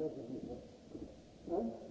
Thank you.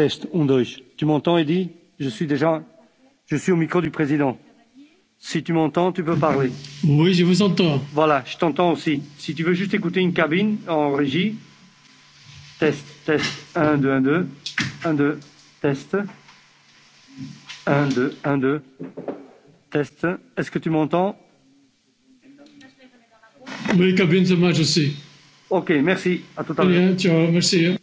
Test, on Deutsch. Tu m'entends, Eddy Je suis déjà. Je suis au micro du président. Si tu m'entends, tu peux parler. Oui, je vous entends. Voilà, je t'entends aussi. Si tu veux juste écouter une cabine en régie. Test, test. Un, deux, un, deux, un, deux. Test. Un, deux, un, deux. Test. Est-ce que tu m'entends Oui, cabine, ça marche aussi. Ok, merci. À tout à l'heure. Bien, ciao, merci.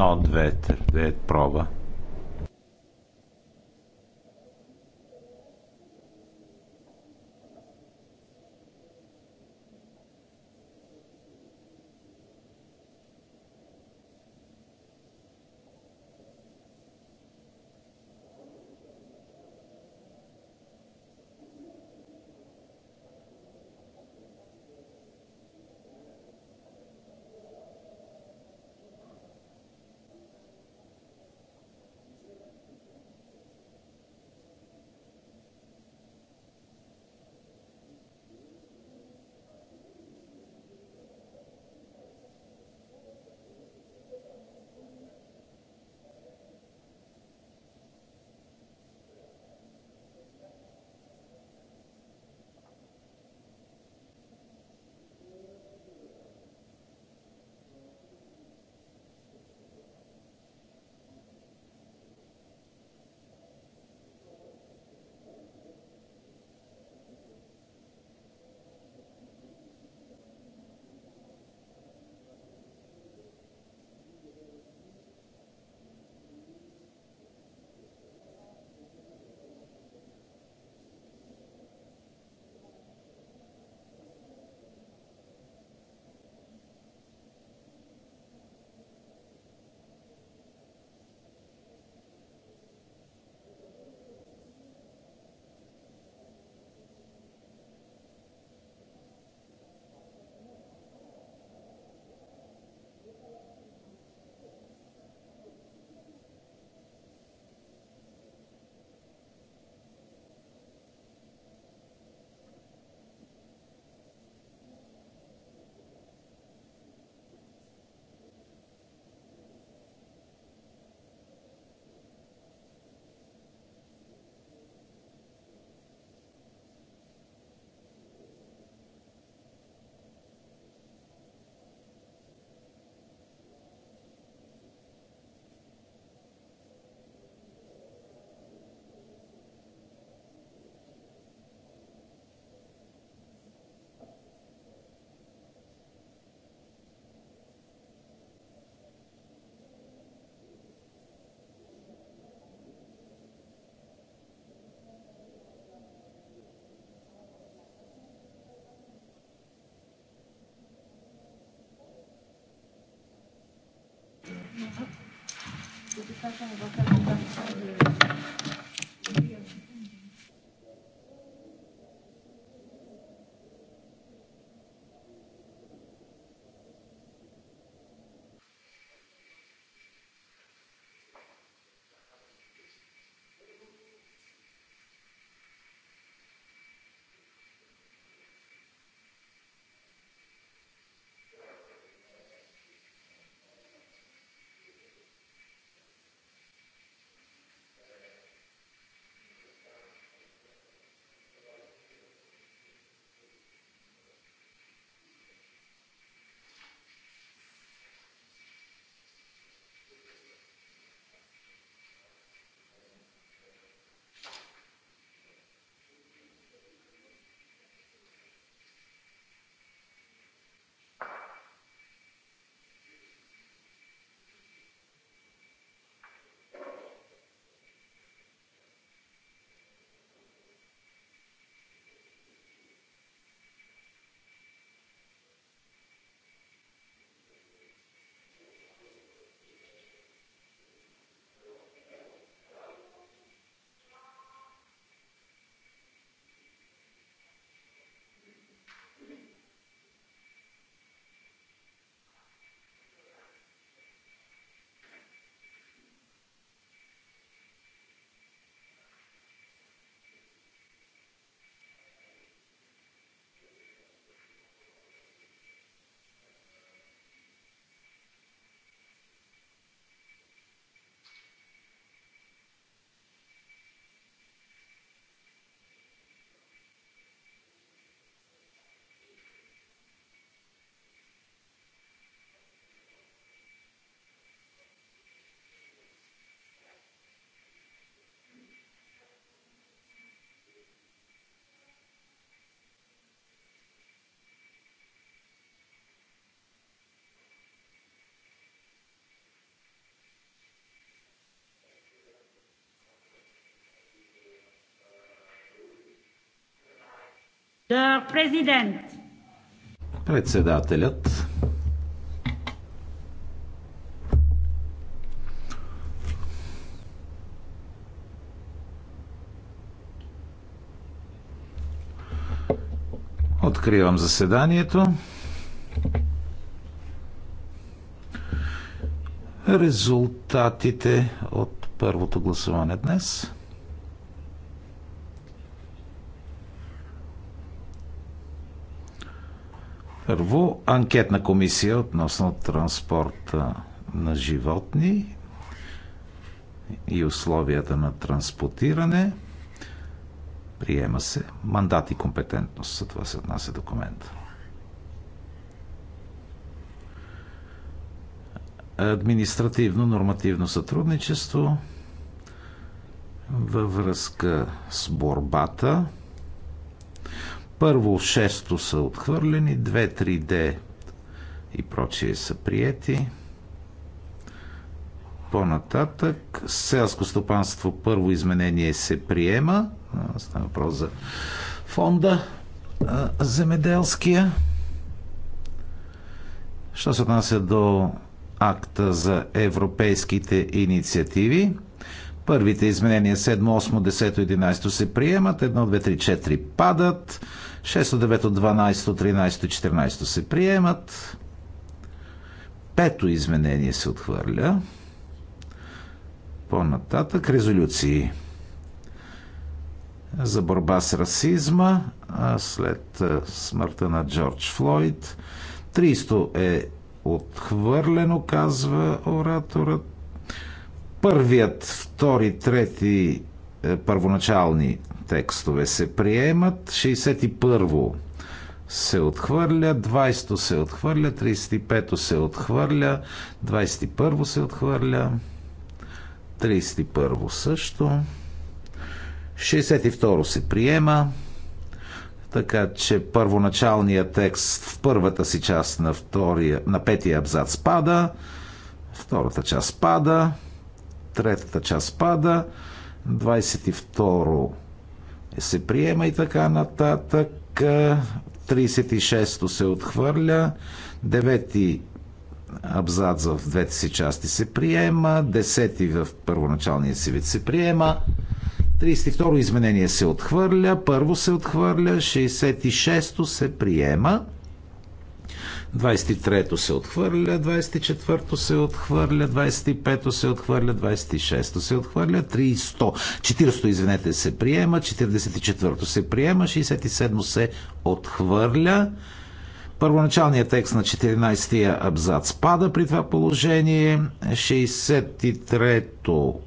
едно, две, три, проба. Президент. Председателят. Откривам заседанието. Резултатите от първото гласуване днес. Първо, анкетна комисия относно транспорта на животни и условията на транспортиране. Приема се мандат и компетентност. За това се отнася документ. Административно-нормативно сътрудничество във връзка с борбата първо, шесто са отхвърлени, 2, 3, Д и прочие са приети. По-нататък, селско стопанство първо изменение се приема. Става въпрос за фонда земеделския. Що се отнася до акта за европейските инициативи, първите изменения 7, 8, 10, 11 се приемат, 1, 2, 3, 4 падат, 6, 9, 12, 13 и 14 се приемат. Пето изменение се отхвърля. По-нататък резолюции за борба с расизма след смъртта на Джордж Флойд. 300 е отхвърлено, казва ораторът. Първият, втори, трети е, първоначални текстове се приемат. 61-во се отхвърля, 20-то се отхвърля, 35-то се отхвърля, 21-во се отхвърля, 31-во също. 62-ро се приема, така че първоначалният текст в първата си част на, втория, на петия абзац пада, втората част пада, третата част пада, 22 се приема и така нататък. 36 то се отхвърля. 9 ти абзац в двете си части се приема. 10 в първоначалния си вид се приема. 32 изменение се отхвърля. Първо се отхвърля. 66 то се приема. 23-то се отхвърля, 24-то се отхвърля, 25-то се отхвърля, 26-то се отхвърля, 30-то, 40-то, извинете, се приема, 44-то се приема, 67-то се отхвърля. Първоначалният текст на 14-тия абзац пада при това положение, 63-то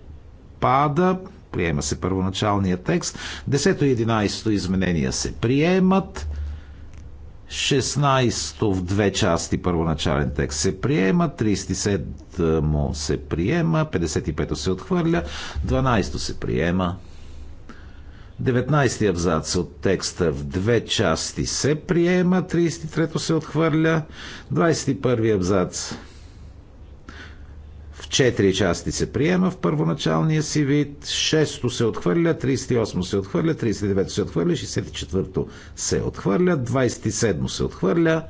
пада, приема се първоначалният текст, 10-то и 11-то изменения се приемат, 16 в две части първоначален текст се приема, 37 се приема, 55 се отхвърля, 12 се приема. 19 абзац от текста в две части се приема, 33 се отхвърля, 21 абзац 4 части се приема в първоначалния си вид, 6 се отхвърля, 38 се отхвърля, 39 се отхвърля, 64 се отхвърля, 27 се отхвърля,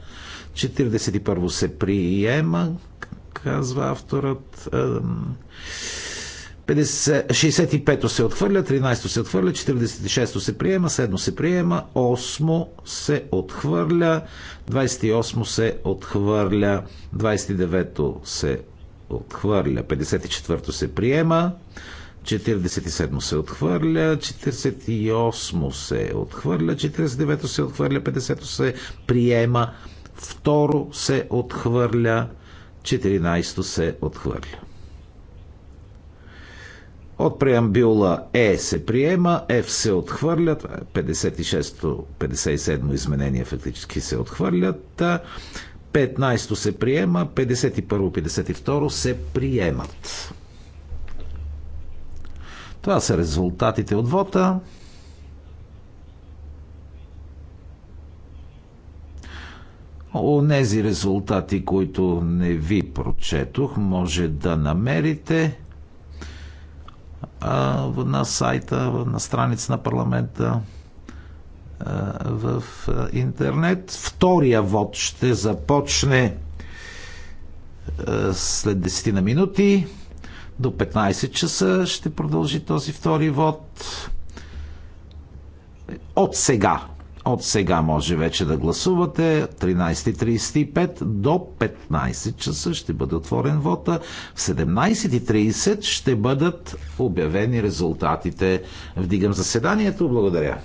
41 се приема, казва авторът. 65 се отхвърля, 13 се отхвърля, 46 се приема, 7 се приема, 8 се отхвърля, 28 се отхвърля, 29 се отхвърля. 54-то се приема. 47 се отхвърля, 48 се отхвърля, 49 се отхвърля, 50 се приема, второ се отхвърля, 14 се отхвърля. От преамбюла Е се приема, Ф се отхвърлят, 56-57 изменения фактически се отхвърлят, 15 то се приема, 51-52 се приемат. Това са резултатите от вота. Онези резултати, които не ви прочетох, може да намерите а, на сайта, на страница на парламента в интернет. Втория вод ще започне след 10 на минути. До 15 часа ще продължи този втори вод. От сега. От сега може вече да гласувате. 13.35 до 15 часа ще бъде отворен вота. В 17.30 ще бъдат обявени резултатите. Вдигам заседанието. Благодаря.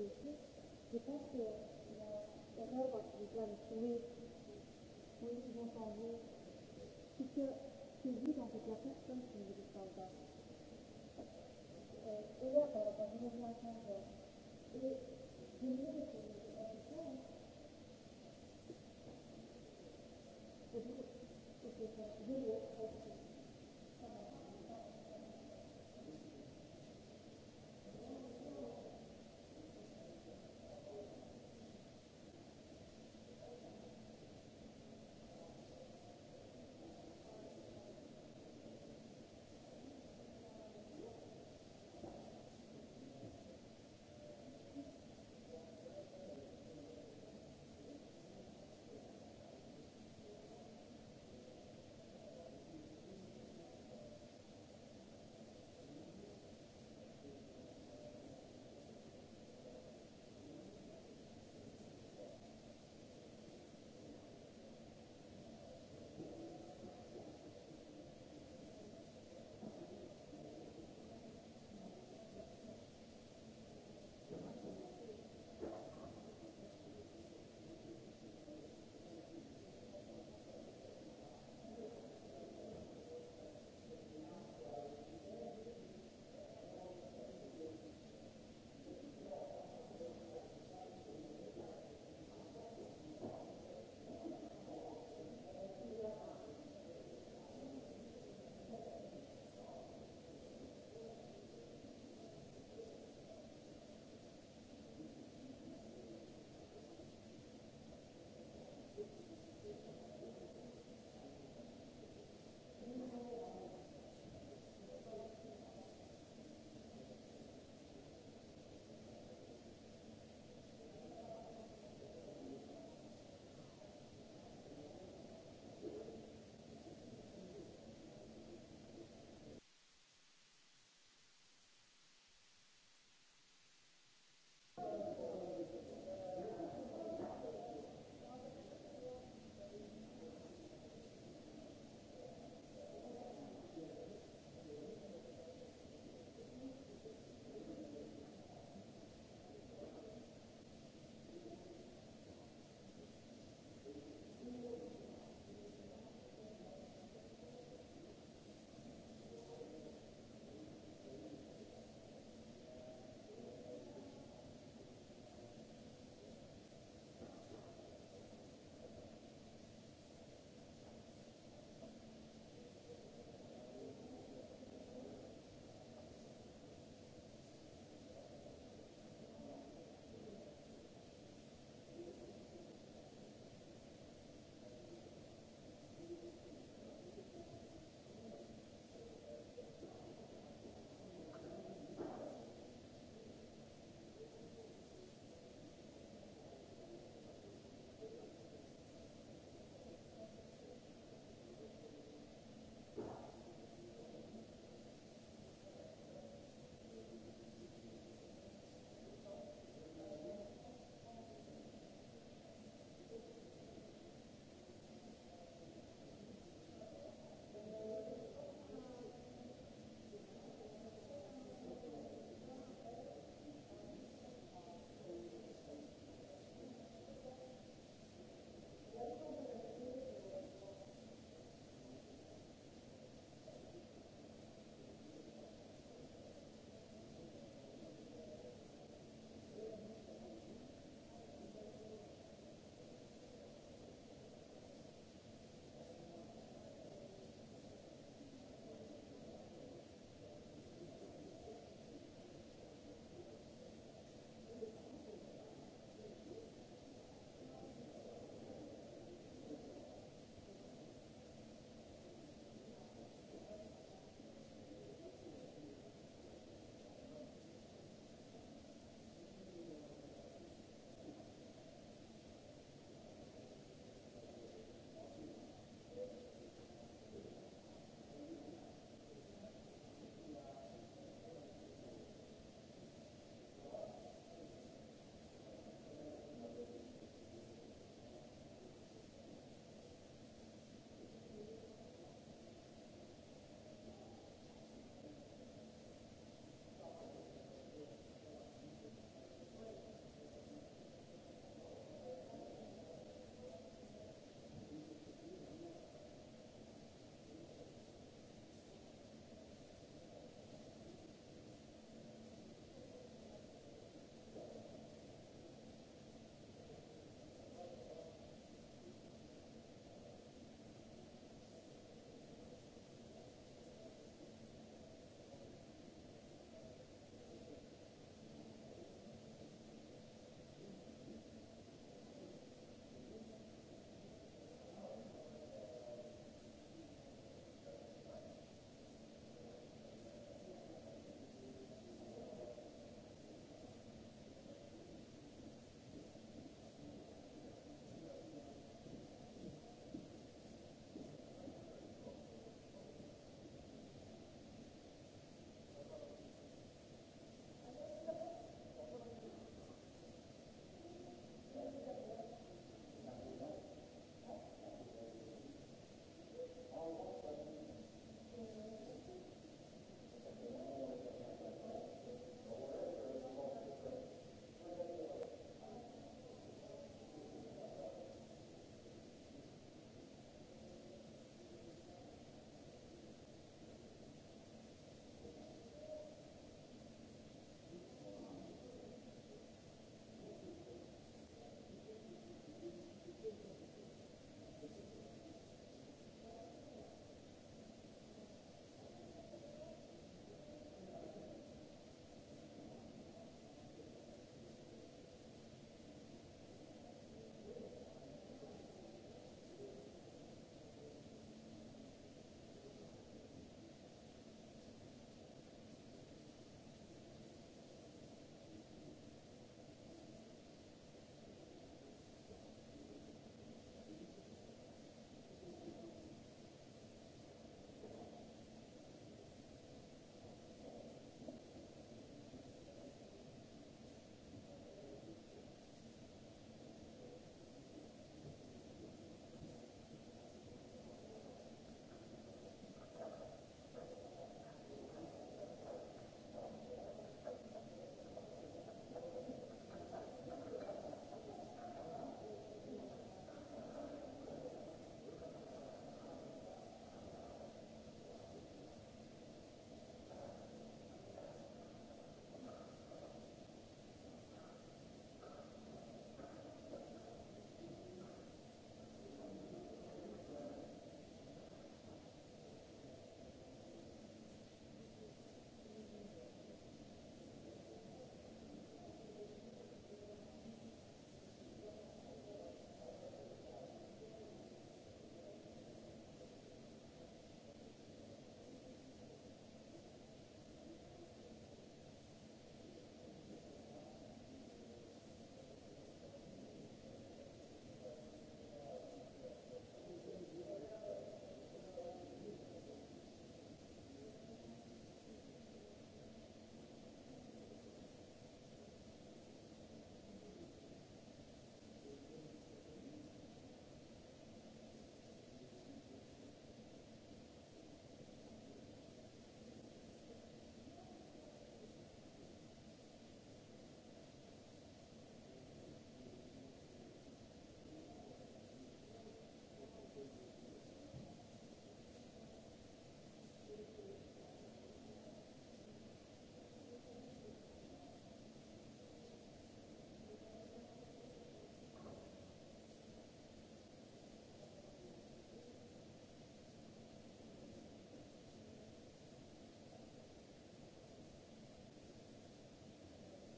случи, така че Европа ще вземе сами, които vont changer, ce que, ce que vit en fait la personne qui ne vit pas encore. Et là, par rapport à une mouvement changeur, et je me dis que c'est pas tout